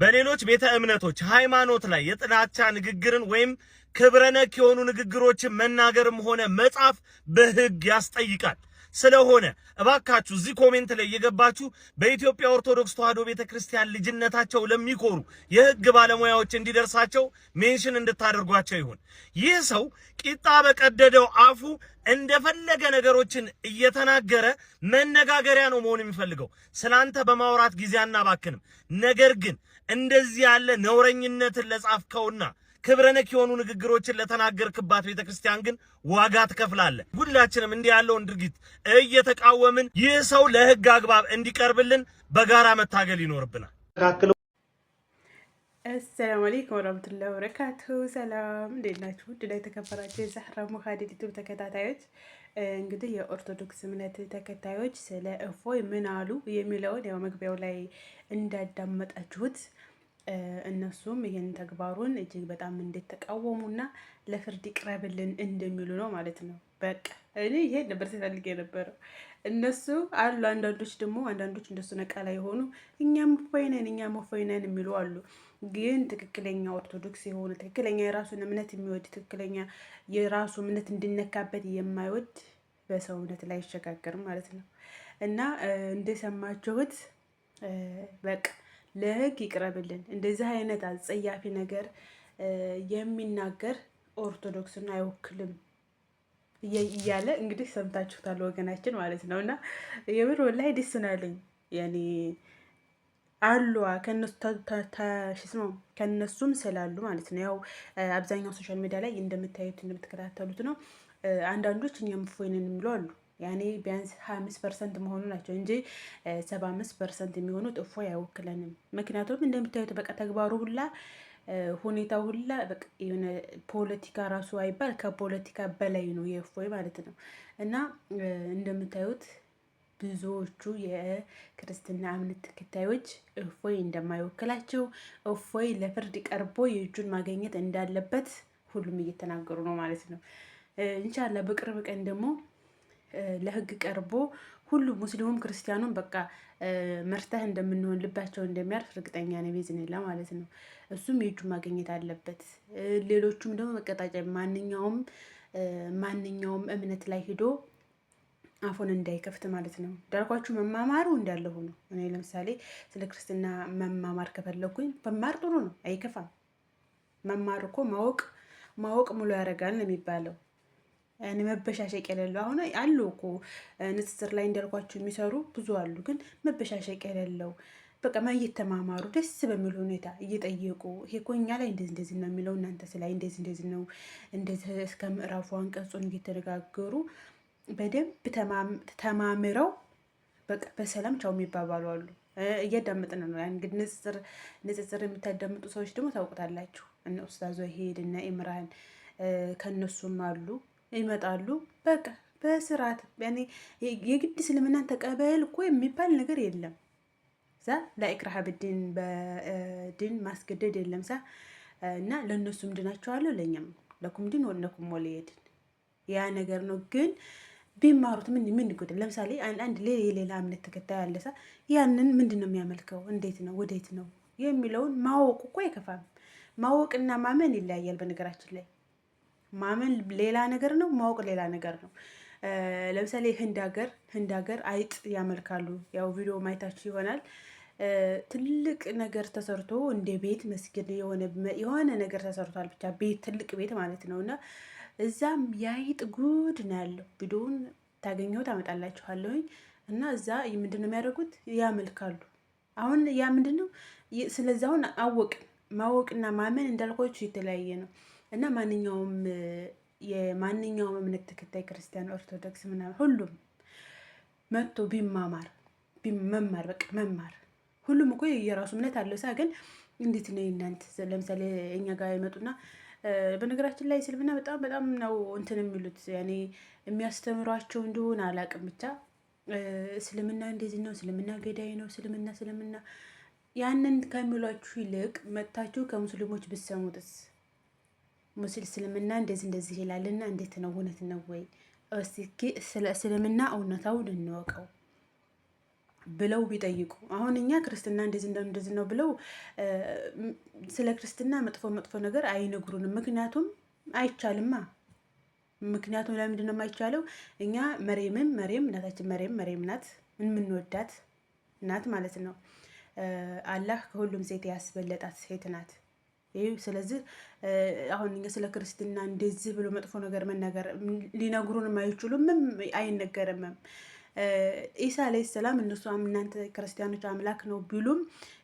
በሌሎች ቤተ እምነቶች ሃይማኖት ላይ የጥላቻ ንግግርን ወይም ክብረነክ የሆኑ ንግግሮችን መናገርም ሆነ መጻፍ በሕግ ያስጠይቃል። ስለሆነ እባካችሁ እዚህ ኮሜንት ላይ እየገባችሁ በኢትዮጵያ ኦርቶዶክስ ተዋሕዶ ቤተክርስቲያን ልጅነታቸው ለሚኮሩ የህግ ባለሙያዎች እንዲደርሳቸው ሜንሽን እንድታደርጓቸው ይሁን። ይህ ሰው ቂጣ በቀደደው አፉ እንደፈለገ ነገሮችን እየተናገረ መነጋገሪያ ነው መሆን የሚፈልገው። ስላንተ በማውራት ጊዜ አናባክንም። ነገር ግን እንደዚህ ያለ ነውረኝነትን ለጻፍከውና ክብረነክ የሆኑ ንግግሮችን ለተናገርክባት ቤተ ክርስቲያን ግን ዋጋ ትከፍላለ። ሁላችንም እንዲህ ያለውን ድርጊት እየተቃወምን ይህ ሰው ለህግ አግባብ እንዲቀርብልን በጋራ መታገል ይኖርብናል። አሰላሙ አለይኩም ወራህመቱላሂ ወበረካቱ። ሰላም እንዴት ናችሁ? ውድ ላይ የተከበራችሁ የዛህራ ሙሃዲድ ዩቱብ ተከታታዮች እንግዲህ የኦርቶዶክስ እምነት ተከታዮች ስለ እፎይ ምን አሉ የሚለውን ያው መግቢያው ላይ እንዳዳመጣችሁት እነሱም ይህን ተግባሩን እጅግ በጣም እንደተቃወሙና ለፍርድ ይቅረብልን እንደሚሉ ነው ማለት ነው። በቃ እኔ ይሄ ነበር ሲፈልግ የነበረው። እነሱ አሉ አንዳንዶች ደግሞ አንዳንዶች እንደሱ ነቃ ላይ የሆኑ እኛም እፎይ ነን እኛም ነን የሚሉ አሉ። ግን ትክክለኛ ኦርቶዶክስ የሆነ ትክክለኛ የራሱን እምነት የሚወድ ትክክለኛ የራሱ እምነት እንዲነካበት የማይወድ በሰውነት ላይ ይሸጋገርም ማለት ነው እና እንደሰማችሁት በቃ ለህግ ይቅረብልን። እንደዚህ አይነት አጸያፊ ነገር የሚናገር ኦርቶዶክስን አይወክልም እያለ እንግዲህ ሰምታችሁታል ወገናችን ማለት ነው። እና የምር ወላሂ ደስ ነው ያለኝ ያኔ ከነሱም ስላሉ ማለት ነው። ያው አብዛኛው ሶሻል ሚዲያ ላይ እንደምታዩት እንደምትከታተሉት ነው። አንዳንዶች እኛም ፎይንን የሚሉ አሉ ያኔ ቢያንስ ሀያ አምስት ፐርሰንት መሆኑ ናቸው እንጂ ሰባ አምስት ፐርሰንት የሚሆኑት እፎይ አይወክለንም። ምክንያቱም እንደምታዩት በቃ ተግባሩ ሁላ ሁኔታ ሁላ የሆነ ፖለቲካ ራሱ አይባል ከፖለቲካ በላይ ነው የእፎይ ማለት ነው። እና እንደምታዩት ብዙዎቹ የክርስትና እምነት ተከታዮች እፎይ እንደማይወክላቸው እፎይ ለፍርድ ቀርቦ የእጁን ማግኘት እንዳለበት ሁሉም እየተናገሩ ነው ማለት ነው። እንሻላ በቅርብ ቀን ደግሞ ለህግ ቀርቦ ሁሉ ሙስሊሙም ክርስቲያኑም በቃ መርተህ እንደምንሆን ልባቸው እንደሚያርፍ እርግጠኛ ነው። ቤዝኔላ ማለት ነው። እሱም የእጁ ማግኘት አለበት። ሌሎቹም ደግሞ መቀጣጫ ማንኛውም ማንኛውም እምነት ላይ ሂዶ አፉን እንዳይከፍት ማለት ነው። እንዳልኳችሁ መማማሩ እንዳለ ሆኖ እኔ ለምሳሌ ስለ ክርስትና መማማር ከፈለግኩኝ መማር ጥሩ ነው፣ አይከፋም። መማር እኮ ማወቅ ማወቅ ሙሉ ያደርጋል ነው የሚባለው። መበሻሸቅ የሌለው አሁን አሉ እኮ ንጽጽር ላይ እንዳልኳቸው የሚሰሩ ብዙ አሉ። ግን መበሻሸቅ የሌለው በቃ እየተማማሩ ደስ በሚል ሁኔታ እየጠየቁ ይሄ እኮ እኛ ላይ እንደዚህ እንደዚህ ነው የሚለው እናንተ ስላይ እንደዚህ እንደዚህ ነው እንደዚህ እስከ ምዕራፉ አንቀጹን እየተነጋገሩ በደንብ ተማምረው በቃ በሰላም ቻው የሚባባሉ አሉ። እያዳመጥን ነው። ያን እንግዲህ ንጽጽር ንጽጽር የምታዳምጡ ሰዎች ደግሞ ታውቁታላችሁ። እነ ኡስታዝ ሄድ እና ኢምራን ከእነሱም አሉ ይመጣሉ። በቃ በስርዓት የግድ እስልምናን ተቀበል እኮ የሚባል ነገር የለም። ዛ ላኢክራሃ ብድን በድን ማስገደድ የለም። ዛ እና ለእነሱም ድናቸዋለሁ ለእኛም ለኩም ድን ወለኩም ወለየድን ያ ነገር ነው ግን ቢማሩት ምን ምን ይጎዳል? ለምሳሌ አንድ የሌላ እምነት ተከታይ አለ። ሳ ያንን ምንድን ነው የሚያመልከው? እንዴት ነው ወዴት ነው የሚለውን ማወቁ እኮ አይከፋም። ማወቅና ማመን ይለያያል በነገራችን ላይ ማመን ሌላ ነገር ነው፣ ማወቅ ሌላ ነገር ነው። ለምሳሌ ህንድ ሀገር ህንድ ሀገር አይጥ ያመልካሉ። ያው ቪዲዮ ማየታችሁ ይሆናል። ትልቅ ነገር ተሰርቶ እንደ ቤት መስጊድ የሆነ ነገር ተሰርቷል። ብቻ ቤት ትልቅ ቤት ማለት ነው። እና እዛም የአይጥ ጉድ ነው ያለው። ቪዲዮውን ታገኘው ታመጣላችኋለሁኝ። እና እዛ ምንድን ነው የሚያደርጉት? ያመልካሉ። አሁን ያ ምንድን ነው ስለዚ፣ አሁን አወቅ ማወቅና ማመን እንዳልኳችሁ የተለያየ ነው። እና ማንኛውም የማንኛውም እምነት ተከታይ ክርስቲያን፣ ኦርቶዶክስ ምናምን ሁሉም መጥቶ ቢማማር መማር በቃ መማር ሁሉም እኮ የራሱ እምነት አለው። ሳ ግን እንዴት ነው እናንት ለምሳሌ እኛ ጋር ይመጡና በነገራችን ላይ ስልምና በጣም በጣም ነው እንትን የሚሉት ያኔ የሚያስተምሯቸው እንደሆነ አላቅም። ብቻ እስልምና እንደዚህ ነው፣ እስልምና ገዳይ ነው፣ እስልምና እስልምና ያንን ከሚሏችሁ ይልቅ መጥታችሁ ከሙስሊሞች ብትሰሙትስ ሙስሊም እስልምና እንደዚህ እንደዚህ ይላልና እንዴት ነው? እውነት ነው ወይ? እስኪ ስለ እስልምና እውነታውን እንወቀው ብለው ቢጠይቁ አሁን እኛ ክርስትና እንደዚህ እንደዚህ ነው ብለው ስለ ክርስትና መጥፎ መጥፎ ነገር አይነግሩንም። ምክንያቱም አይቻልማ። ምክንያቱም ለምንድን ነው የማይቻለው? እኛ መሬምን መሬም እናታችን መሬም መሬም ናት የምንወዳት ናት ማለት ነው። አላህ ከሁሉም ሴት ያስበለጣት ሴት ናት። ይህ ስለዚህ አሁን ስለ ክርስትና እንደዚህ ብሎ መጥፎ ነገር መናገር ሊነግሩን አይችሉምም፣ አይነገርምም። ኢሳ አለይ ሰላም እነሱ እናንተ ክርስቲያኖች አምላክ ነው ቢሉም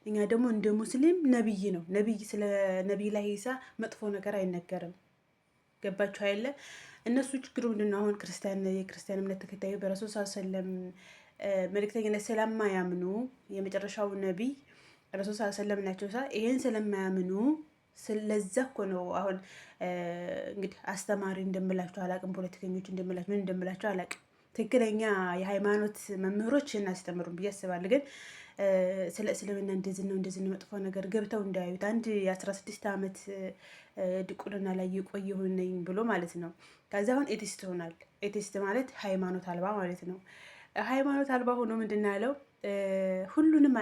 እኛ ደግሞ እንደ ሙስሊም ነቢይ ነው ነቢይ ስለ ነቢይ ላይ ኢሳ መጥፎ ነገር አይነገርም። ገባችሁ አይደለ? እነሱ ችግሩ ምንድን ነው? አሁን ክርስቲያን የክርስቲያን እምነት ተከታዩ በረሱል ሰለም መልእክተኝነት ስለማያምኑ የመጨረሻው ነቢይ ረሱል ሰለም ናቸው። ይሄን ስለማያምኑ ስለዛ እኮ ነው አሁን እንግዲህ አስተማሪ እንደምላቸው አላቅም፣ ፖለቲከኞች እንደምላቸው ምን እንደምላቸው አላቅም። ትክክለኛ የሃይማኖት መምህሮች እናስተምሩም ብዬ አስባለሁ። ግን ስለ እስልምና እንደዚህ ነው እንደዚህ ነው መጥፎ ነገር ገብተው እንዳያዩት አንድ የአስራ ስድስት ዓመት ድቁልና ላይ የቆየሁ ነኝ ብሎ ማለት ነው። ከዚ አሁን ኤቲስት ሆናል። ኤቲስት ማለት ሃይማኖት አልባ ማለት ነው። ሃይማኖት አልባ ሆኖ ምንድን ነው ያለው? ሁሉንም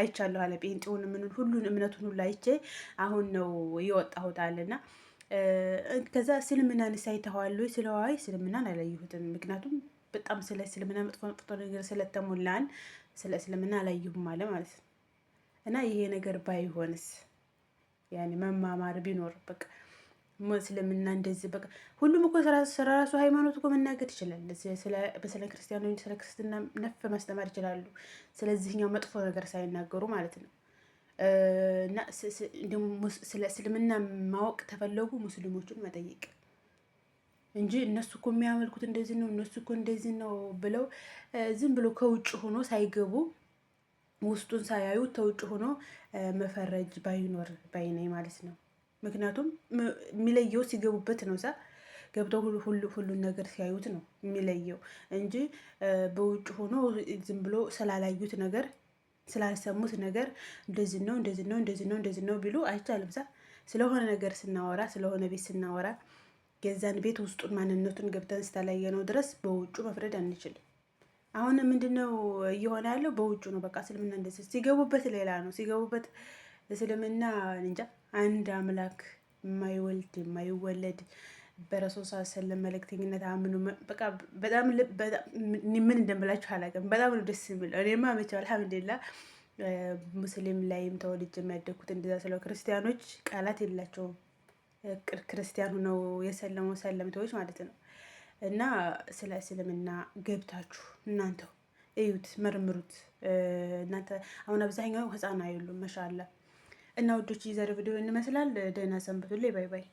አይቻለሁ አለ ጴንጤውን፣ ምኑን ሁሉን እምነቱን ሁሉ አይቼ አሁን ነው የወጣሁት አለና ከዛ እስልምናን ሳይተዋሉ ስለዋይ እስልምናን አላየሁትም። ምክንያቱም በጣም ስለ እስልምና መጥፎ መጥፎ ነገር ስለተሞላን ስለ እስልምና አላየሁም አለ ማለት ነው እና ይሄ ነገር ባይሆንስ ያኔ መማማር ቢኖር በቃ እስልምና እንደዚህ በቃ ሁሉም እኮ ስለ ራሱ ሃይማኖት እኮ መናገር ይችላል። ስለ ክርስቲያን ስለ ክርስትና ነፍ ማስተማር ይችላሉ። ስለዚህኛው መጥፎ ነገር ሳይናገሩ ማለት ነው። እና ስለ እስልምና ማወቅ ተፈለጉ ሙስሊሞቹን መጠየቅ እንጂ እነሱ እኮ የሚያመልኩት እንደዚህ ነው፣ እነሱ እኮ እንደዚህ ነው ብለው ዝም ብሎ ከውጭ ሆኖ ሳይገቡ ውስጡን ሳያዩ ተውጭ ሆኖ መፈረጅ ባይኖር ባይነኝ ማለት ነው። ምክንያቱም የሚለየው ሲገቡበት ነው። እዛ ገብተው ሁሉን ነገር ሲያዩት ነው የሚለየው እንጂ በውጭ ሆኖ ዝም ብሎ ስላላዩት ነገር ስላልሰሙት ነገር እንደዚህ ነው እንደዚህ ነው እንደዚህ ነው እንደዚህ ነው ቢሉ አይቻልም። ዛ ስለሆነ ነገር ስናወራ ስለሆነ ቤት ስናወራ የዛን ቤት ውስጡን ማንነቱን ገብተን ስታላየነው ድረስ በውጩ መፍረድ አንችልም። አሁን ምንድነው እየሆነ ያለው? በውጩ ነው። በቃ እስልምና እንደዚህ ሲገቡበት ሌላ ነው ሲገቡበት እስልምና እንጃ አንድ አምላክ የማይወልድ የማይወለድ በረሱል ስ ሰለም መልእክተኝነት አምኑ በቃ በጣም ምን እንደምላችሁ አላውቅም። በጣም ነው ደስ የሚለው። እኔማ መቼም አልሐምዱሊላህ ሙስሊም ላይም ተወልጄ የሚያደግኩት እንደዛ ስለው ክርስቲያኖች ቃላት የላቸውም። ክርስቲያን ሆነው የሰለሙ ሰለምተዎች ማለት ነው። እና ስለ እስልምና ገብታችሁ እናንተው እዩት፣ መርምሩት። እናንተ አሁን አብዛኛው ህፃን አይሉም መሻላ እና ውዶች የዛሬ ቪዲዮ ይመስላል። ደህና ሰንብቱልኝ። ባይ ባይ